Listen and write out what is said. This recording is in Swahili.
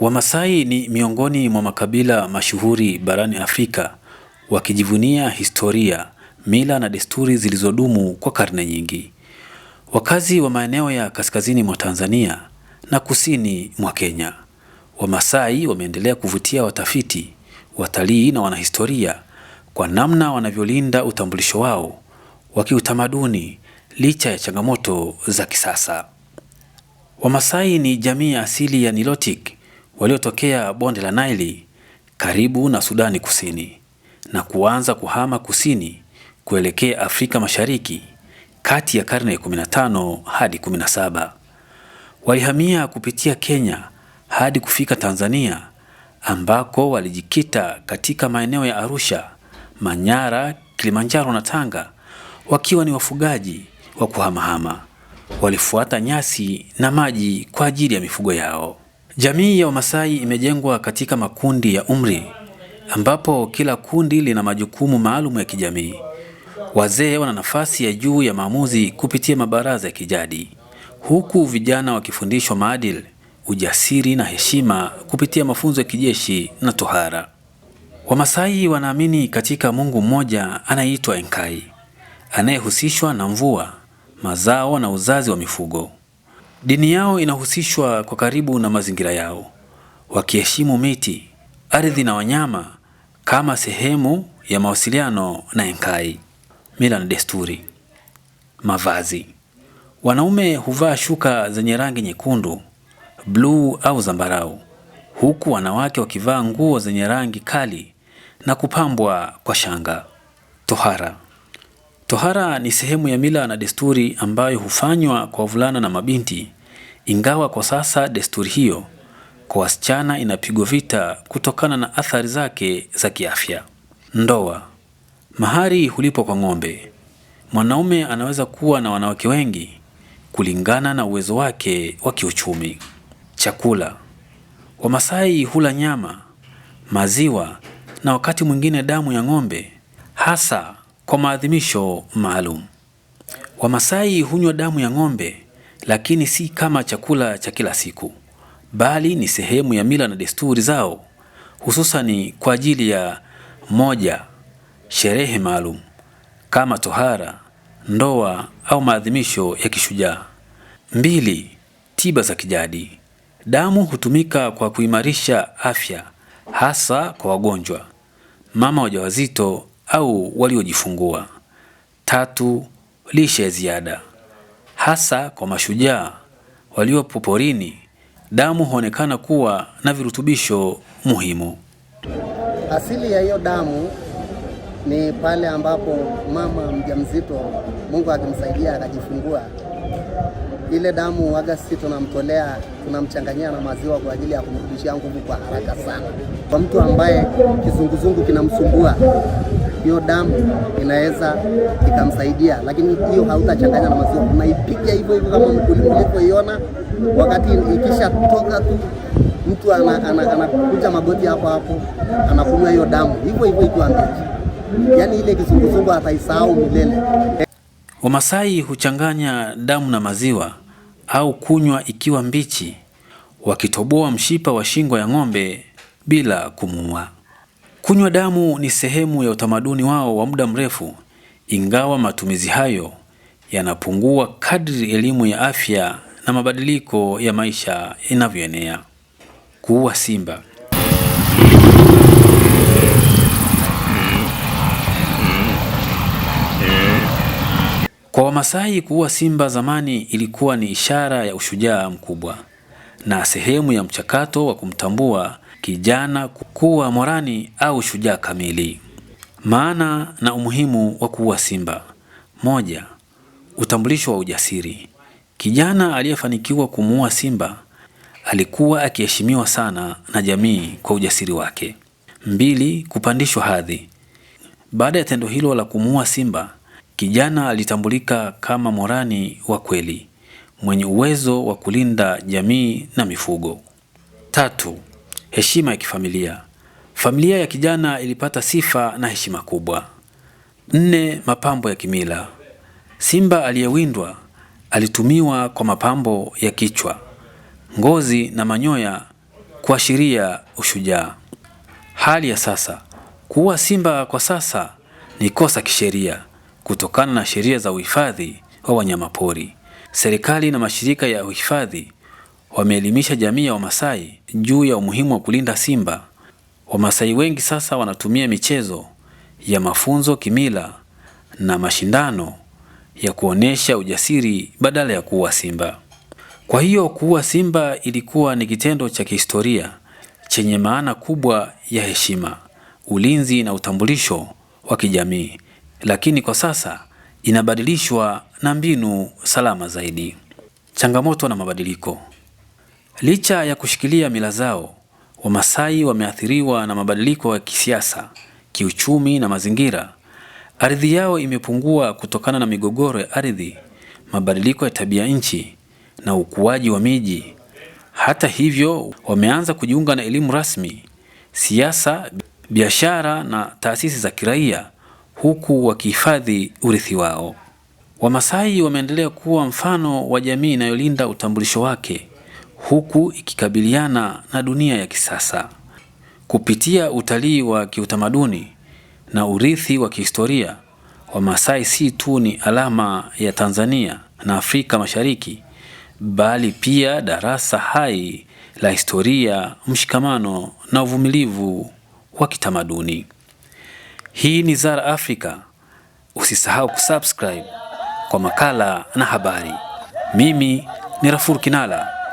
Wamasai ni miongoni mwa makabila mashuhuri barani Afrika, wakijivunia historia, mila na desturi zilizodumu kwa karne nyingi. Wakazi wa maeneo ya kaskazini mwa Tanzania na kusini mwa Kenya, Wamasai wameendelea kuvutia watafiti, watalii na wanahistoria kwa namna wanavyolinda utambulisho wao wa kiutamaduni licha ya changamoto za kisasa. Wamasai ni jamii ya asili ya Nilotic waliotokea bonde la Naili karibu na Sudani Kusini na kuanza kuhama kusini kuelekea Afrika Mashariki kati ya karne ya 15 hadi 17. Walihamia kupitia Kenya hadi kufika Tanzania ambako walijikita katika maeneo ya Arusha, Manyara, Kilimanjaro na Tanga wakiwa ni wafugaji wa kuhamahama. Walifuata nyasi na maji kwa ajili ya mifugo yao. Jamii ya Wamasai imejengwa katika makundi ya umri ambapo kila kundi lina majukumu maalum ya kijamii. Wazee wana nafasi ya juu ya maamuzi kupitia mabaraza ya kijadi, huku vijana wakifundishwa maadili, ujasiri na heshima kupitia mafunzo ya kijeshi na tohara. Wamasai wanaamini katika Mungu mmoja anayeitwa Enkai, anayehusishwa na mvua, mazao na uzazi wa mifugo. Dini yao inahusishwa kwa karibu na mazingira yao, wakiheshimu miti, ardhi na wanyama kama sehemu ya mawasiliano na Enkai. Mila na desturi. Mavazi: wanaume huvaa shuka zenye rangi nyekundu, bluu au zambarau, huku wanawake wakivaa nguo zenye rangi kali na kupambwa kwa shanga. Tohara: tohara ni sehemu ya mila na desturi ambayo hufanywa kwa wavulana na mabinti ingawa kwa sasa desturi hiyo kwa wasichana inapigwa vita kutokana na athari zake za kiafya. Ndoa. Mahari hulipwa kwa ng'ombe. Mwanaume anaweza kuwa na wanawake wengi kulingana na uwezo wake wa kiuchumi. Chakula. Wamasai hula nyama, maziwa na wakati mwingine damu ya ng'ombe hasa kwa maadhimisho maalum. Wamasai hunywa damu ya ng'ombe lakini si kama chakula cha kila siku, bali ni sehemu ya mila na desturi zao, hususan kwa ajili ya moja, sherehe maalum kama tohara, ndoa au maadhimisho ya kishujaa. Mbili, tiba za kijadi. Damu hutumika kwa kuimarisha afya, hasa kwa wagonjwa, mama wajawazito au waliojifungua. Tatu, lishe ya ziada hasa kwa mashujaa waliopo porini, damu huonekana kuwa na virutubisho muhimu. Asili ya hiyo damu ni pale ambapo mama mjamzito, Mungu akimsaidia akajifungua ile damu waga sisi tunamtolea tunamchanganyia na maziwa kwa ajili ya kumrudishia nguvu kwa haraka sana. Kwa mtu ambaye kizunguzungu kinamsumbua, hiyo damu inaweza ikamsaidia, lakini hiyo hautachanganya na maziwa, unaipiga hivyo hivyo kama ulivyoiona. Wakati ikishatoka tu mtu anakuja ana, ana magoti hapo hapo anakunywa hiyo damu hivyo hivyo ikiwa yaani ile kizunguzungu ataisahau milele. Wamasai huchanganya damu na maziwa au kunywa ikiwa mbichi, wakitoboa mshipa wa shingo ya ng'ombe bila kumuua. Kunywa damu ni sehemu ya utamaduni wao wa muda mrefu, ingawa matumizi hayo yanapungua kadri elimu ya afya na mabadiliko ya maisha inavyoenea. Kuua simba Kwa Wamasai kuua simba zamani ilikuwa ni ishara ya ushujaa mkubwa na sehemu ya mchakato wa kumtambua kijana kuwa morani au shujaa kamili. Maana na umuhimu wa kuua simba. Moja, utambulisho wa ujasiri. Kijana aliyefanikiwa kumuua simba alikuwa akiheshimiwa sana na jamii kwa ujasiri wake. Mbili, kupandishwa hadhi. Baada ya tendo hilo la kumuua simba, Kijana alitambulika kama morani wa kweli, mwenye uwezo wa kulinda jamii na mifugo. Tatu, heshima ya kifamilia. Familia ya kijana ilipata sifa na heshima kubwa. Nne, mapambo ya kimila. Simba aliyewindwa alitumiwa kwa mapambo ya kichwa, ngozi na manyoya kuashiria ushujaa. Hali ya sasa, kuua simba kwa sasa ni kosa kisheria kutokana na sheria za uhifadhi wa wanyamapori. Serikali na mashirika ya uhifadhi wameelimisha jamii ya Wamasai juu ya umuhimu wa kulinda simba. Wamasai wengi sasa wanatumia michezo ya mafunzo kimila na mashindano ya kuonesha ujasiri badala ya kuua simba. Kwa hiyo kuua simba ilikuwa ni kitendo cha kihistoria chenye maana kubwa ya heshima, ulinzi na utambulisho wa kijamii lakini kwa sasa inabadilishwa na mbinu salama zaidi. Changamoto na mabadiliko. Licha ya kushikilia mila zao, Wamasai wameathiriwa na mabadiliko ya kisiasa, kiuchumi na mazingira. Ardhi yao imepungua kutokana na migogoro ya ardhi, mabadiliko ya tabia nchi na ukuaji wa miji. Hata hivyo, wameanza kujiunga na elimu rasmi, siasa, biashara na taasisi za kiraia huku wakihifadhi urithi wao. Wamasai wameendelea kuwa mfano wa jamii inayolinda utambulisho wake huku ikikabiliana na dunia ya kisasa. Kupitia utalii wa kiutamaduni na urithi wa kihistoria, Wamasai si tu ni alama ya Tanzania na Afrika Mashariki, bali pia darasa hai la historia, mshikamano na uvumilivu wa kitamaduni. Hii ni Zara Africa. Usisahau kusubscribe kwa makala na habari. Mimi ni Rafur Kinala.